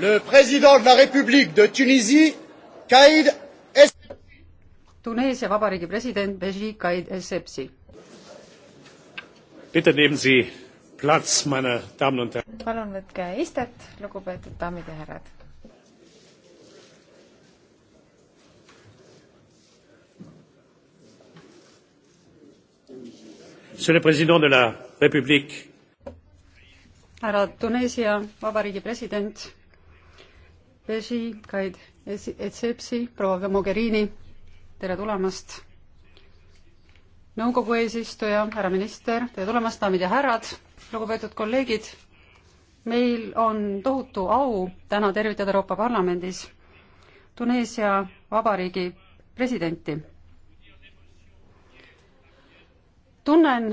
Le président de la République de Tunisie, Kaïd Es-. Tuneesia Vabariigi president Beji Kaid Essebsi. Bitte nehmen Sie Platz, meine Damen und Herren. palun võtke istet, lugupeetud daamid ja härrad. Monsieur le Président de la République. härra Tuneesia Vabariigi president Pesi, Kaid Etsepsi, proua Mogherini, tere tulemast! nõukogu eesistuja, härra minister, tere tulemast, daamid ja härrad, lugupeetud kolleegid! meil on tohutu au täna tervitada Euroopa Parlamendis Tuneesia Vabariigi presidenti. tunnen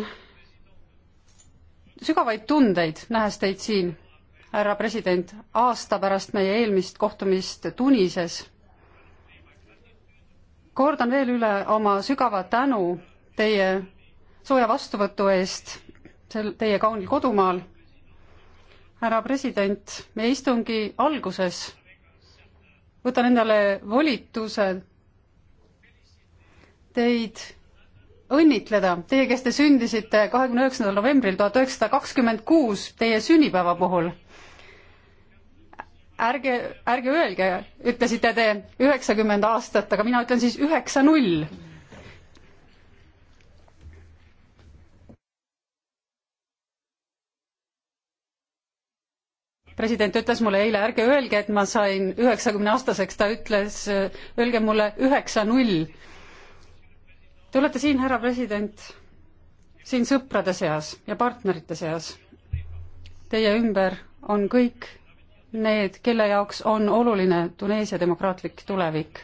sügavaid tundeid, nähes teid siin härra president, aasta pärast meie eelmist kohtumist Tunises. kordan veel üle oma sügava tänu teie sooja vastuvõtu eest sel, teie kaunil kodumaal. härra president, meie istungi alguses võtan endale volituse teid õnnitleda, teie, kes te sündisite kahekümne üheksandal novembril tuhat üheksasada kakskümmend kuus, teie sünnipäeva puhul. ärge, ärge öelge, ütlesite te üheksakümmend aastat, aga mina ütlen siis üheksa null. president ütles mulle eile, ärge öelge, et ma sain üheksakümne aastaseks, ta ütles, öelge mulle üheksa null Te olete siin, härra president, siin sõprade seas ja partnerite seas. Teie ümber on kõik need, kelle jaoks on oluline Tuneesia demokraatlik tulevik.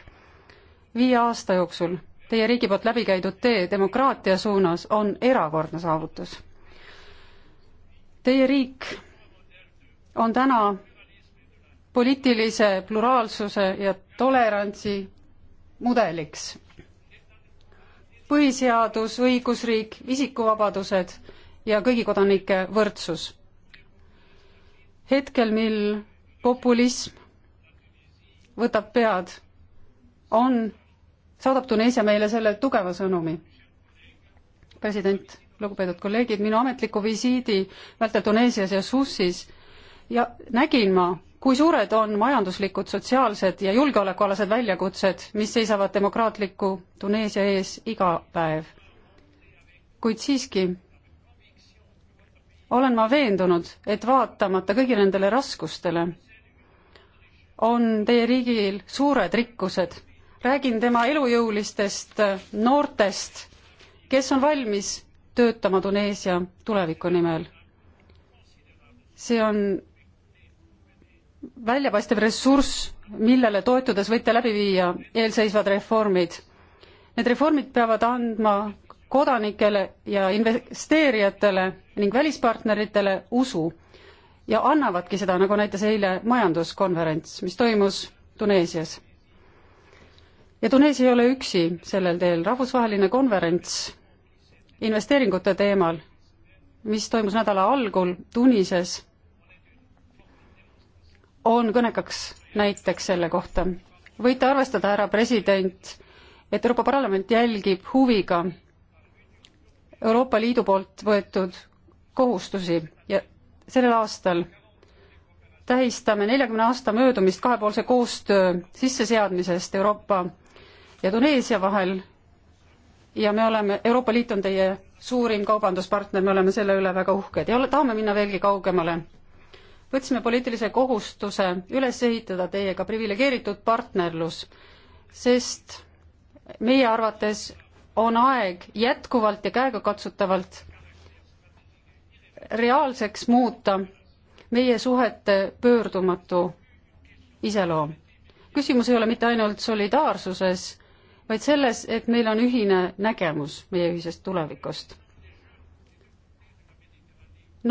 viie aasta jooksul teie riigi poolt läbi käidud tee demokraatia suunas on erakordne saavutus. Teie riik on täna poliitilise pluraalsuse ja tolerantsi mudeliks põhiseadus, õigusriik, isikuvabadused ja kõigi kodanike võrdsus. hetkel, mil populism võtab pead, on, saadab Tuneesia meile selle tugeva sõnumi. president, lugupeetud kolleegid, minu ametliku visiidi vältel Tuneesias ja Sussis ja nägin ma, kui suured on majanduslikud, sotsiaalsed ja julgeolekualased väljakutsed, mis seisavad demokraatliku Tuneesia ees iga päev. kuid siiski olen ma veendunud, et vaatamata kõigile nendele raskustele, on teie riigil suured rikkused. räägin tema elujõulistest noortest, kes on valmis töötama Tuneesia tuleviku nimel. see on väljapaistev ressurss, millele toetudes võite läbi viia eelseisvad reformid. Need reformid peavad andma kodanikele ja investeerijatele ning välispartneritele usu ja annavadki seda, nagu näitas eile majanduskonverents, mis toimus Tuneesias. ja Tuneesia ei ole üksi sellel teel, rahvusvaheline konverents investeeringute teemal, mis toimus nädala algul Tunises on kõnekaks näiteks selle kohta. võite arvestada, härra president, et Euroopa Parlament jälgib huviga Euroopa Liidu poolt võetud kohustusi ja sellel aastal tähistame neljakümne aasta möödumist kahepoolse koostöö sisseseadmisest Euroopa ja Tuneesia vahel ja me oleme, Euroopa Liit on teie suurim kaubanduspartner, me oleme selle üle väga uhked ja ole, tahame minna veelgi kaugemale võtsime poliitilise kohustuse üles ehitada teiega priviligeeritud partnerlus, sest meie arvates on aeg jätkuvalt ja käegakatsutavalt reaalseks muuta meie suhete pöördumatu iseloom. küsimus ei ole mitte ainult solidaarsuses, vaid selles, et meil on ühine nägemus meie ühisest tulevikust.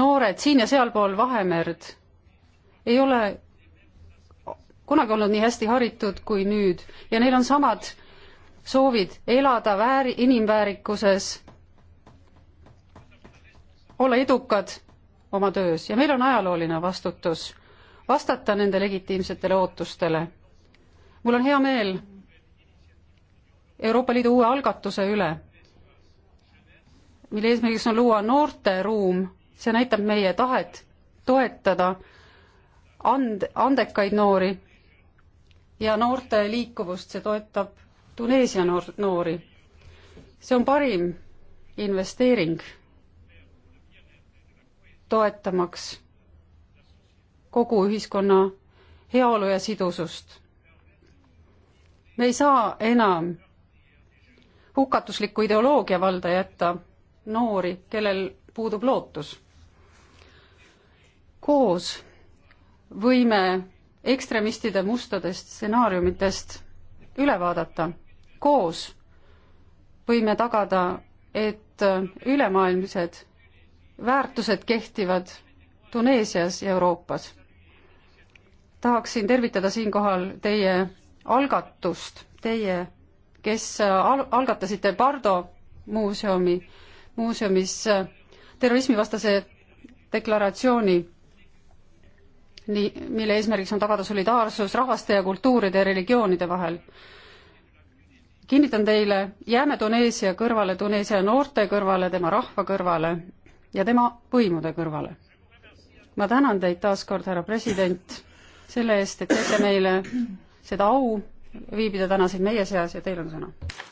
noored siin ja sealpool Vahemerd ei ole kunagi olnud nii hästi haritud kui nüüd ja neil on samad soovid elada vääri-, inimväärikuses, olla edukad oma töös ja meil on ajalooline vastutus vastata nende legitiimsetele ootustele. mul on hea meel Euroopa Liidu uue algatuse üle, mille eesmärgiks on luua noorteruum, see näitab meie tahet toetada and-, andekaid noori ja noorte liikuvust, see toetab Tuneesia noor-, noori. see on parim investeering toetamaks kogu ühiskonna heaolu ja sidusust. me ei saa enam hukatusliku ideoloogia valda jätta noori, kellel puudub lootus. koos võime ekstremistide mustadest stsenaariumitest üle vaadata. koos võime tagada, et ülemaailmsed väärtused kehtivad Tuneesias ja Euroopas. tahaksin tervitada siinkohal teie algatust, teie, kes al-, algatasite Bardo muuseumi, muuseumis terrorismivastase deklaratsiooni nii, mille eesmärgiks on tagada solidaarsus rahvaste ja kultuuride ja religioonide vahel. kinnitan teile, jääme Tuneesia kõrvale, Tuneesia noorte kõrvale, tema rahva kõrvale ja tema võimude kõrvale. ma tänan teid taas kord, härra president, selle eest, et teete meile seda au viibida täna siin meie seas ja teil on sõna.